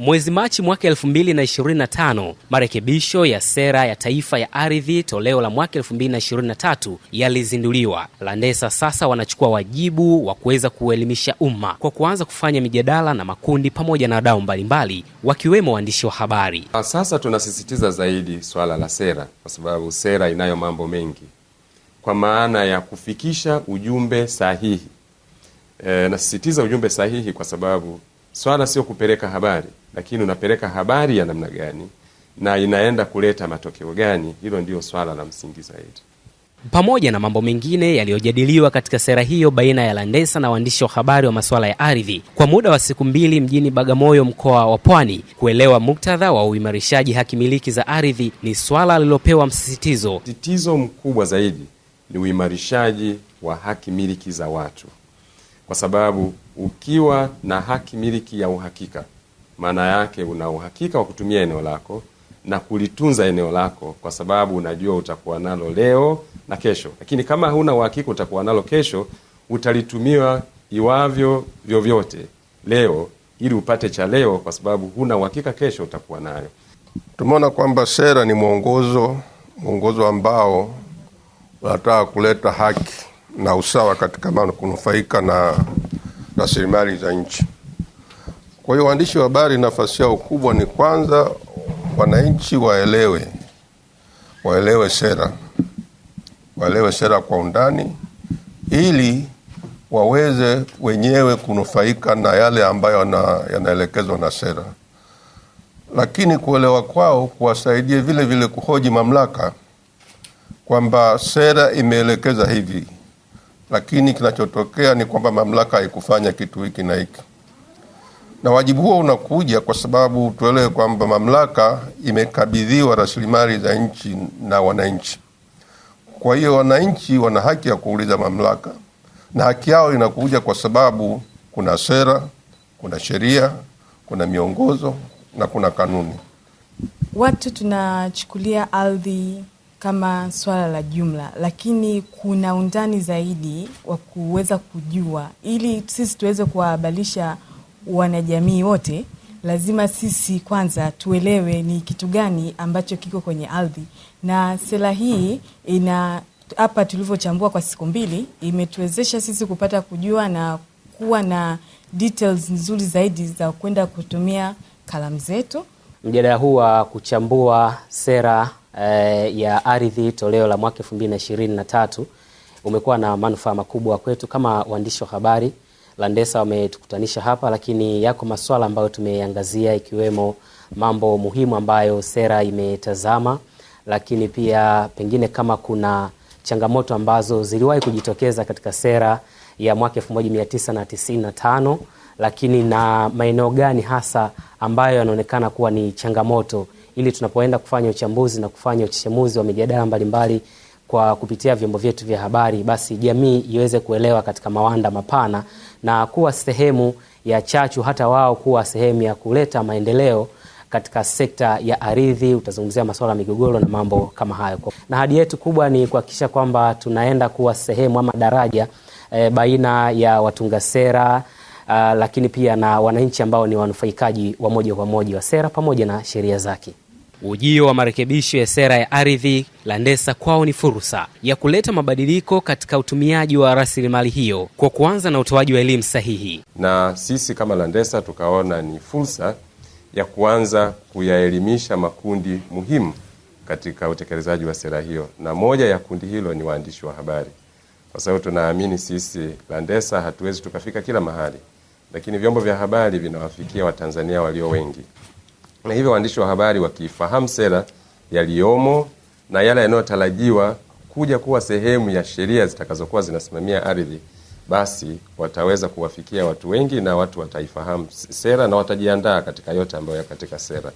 Mwezi Machi mwaka 2025, marekebisho ya sera ya taifa ya ardhi toleo la mwaka 2023 yalizinduliwa. Landesa sasa wanachukua wajibu wa kuweza kuelimisha umma kwa kuanza kufanya mijadala na makundi pamoja na wadau mbalimbali wakiwemo waandishi wa habari. Sasa tunasisitiza zaidi swala la sera, kwa sababu sera inayo mambo mengi, kwa maana ya kufikisha ujumbe sahihi. E, nasisitiza ujumbe sahihi kwa sababu Swala sio kupeleka habari, lakini unapeleka habari ya namna gani na inaenda kuleta matokeo gani? Hilo ndiyo swala la msingi zaidi. Pamoja na mambo mengine yaliyojadiliwa katika sera hiyo baina ya Landesa na waandishi wa habari wa masuala ya ardhi kwa muda wa siku mbili mjini Bagamoyo, mkoa wa Pwani, kuelewa muktadha wa uimarishaji haki miliki za ardhi ni swala lililopewa msisitizo. Msisitizo mkubwa zaidi ni uimarishaji wa haki miliki za watu kwa sababu ukiwa na haki miliki ya uhakika, maana yake una uhakika wa kutumia eneo lako na kulitunza eneo lako, kwa sababu unajua utakuwa nalo leo na kesho. Lakini kama huna uhakika utakuwa nalo kesho, utalitumia iwavyo vyovyote leo ili upate cha leo, kwa sababu huna uhakika kesho utakuwa nayo. Tumeona kwamba sera ni mwongozo, mwongozo ambao unataka kuleta haki na usawa katika kunufaika na rasilimali za nchi. Kwa hiyo waandishi wa habari nafasi yao kubwa ni kwanza, wananchi waelewe, waelewe sera, waelewe sera kwa undani, ili waweze wenyewe kunufaika na yale ambayo yanaelekezwa na sera, lakini kuelewa kwao kuwasaidie vile vile kuhoji mamlaka kwamba sera imeelekeza hivi lakini kinachotokea ni kwamba mamlaka haikufanya kitu hiki na hiki, na wajibu huo unakuja kwa sababu tuelewe kwamba mamlaka imekabidhiwa rasilimali za nchi na wananchi. Kwa hiyo wananchi wana haki ya kuuliza mamlaka, na haki yao inakuja kwa sababu kuna sera, kuna sheria, kuna miongozo na kuna kanuni. Watu tunachukulia ardhi kama swala la jumla, lakini kuna undani zaidi wa kuweza kujua. Ili sisi tuweze kuwahabarisha wanajamii wote, lazima sisi kwanza tuelewe ni kitu gani ambacho kiko kwenye ardhi, na sera hii ina hapa tulivyochambua kwa siku mbili, imetuwezesha sisi kupata kujua na kuwa na details nzuri zaidi za kwenda kutumia kalamu zetu. Mjadala huu wa kuchambua sera eh, ya ardhi toleo la mwaka tatu umekuwa na manufaa makubwa kwetu kama waandishi wa habari. Landesa wametukutanisha hapa, lakini yako maswala ambayo tumeangazia ikiwemo mambo muhimu ambayo sera imetazama, lakini pia pengine kama kuna changamoto ambazo ziliwahi kujitokeza katika sera ya mwaka 1995 lakini na maeneo gani hasa ambayo yanaonekana kuwa ni changamoto, ili tunapoenda kufanya uchambuzi na kufanya uchechemuzi wa mijadala mbalimbali kwa kupitia vyombo vyetu vya habari, basi jamii iweze kuelewa katika mawanda mapana na kuwa sehemu ya chachu, hata wao kuwa sehemu ya kuleta maendeleo katika sekta ya ardhi, utazungumzia masuala ya migogoro na mambo kama hayo. Na hadi yetu kubwa ni kuhakikisha kwamba tunaenda kuwa sehemu ama daraja e, baina ya watunga sera uh, lakini pia na wananchi ambao ni wanufaikaji wa moja kwa moja wa sera pamoja na sheria zake. Ujio wa marekebisho ya sera ya ardhi Landesa kwao ni fursa ya kuleta mabadiliko katika utumiaji wa rasilimali hiyo kwa kuanza na utoaji wa elimu sahihi, na sisi kama Landesa tukaona ni fursa ya kuanza kuyaelimisha makundi muhimu katika utekelezaji wa sera hiyo, na moja ya kundi hilo ni waandishi wa habari, kwa sababu tunaamini sisi Landesa hatuwezi tukafika kila mahali lakini vyombo vya habari vinawafikia Watanzania walio wengi, na hivyo waandishi wa habari wakiifahamu sera yaliyomo na yale yanayotarajiwa kuja kuwa sehemu ya sheria zitakazokuwa zinasimamia ardhi, basi wataweza kuwafikia watu wengi na watu wataifahamu sera na watajiandaa katika yote ambayo ya katika sera.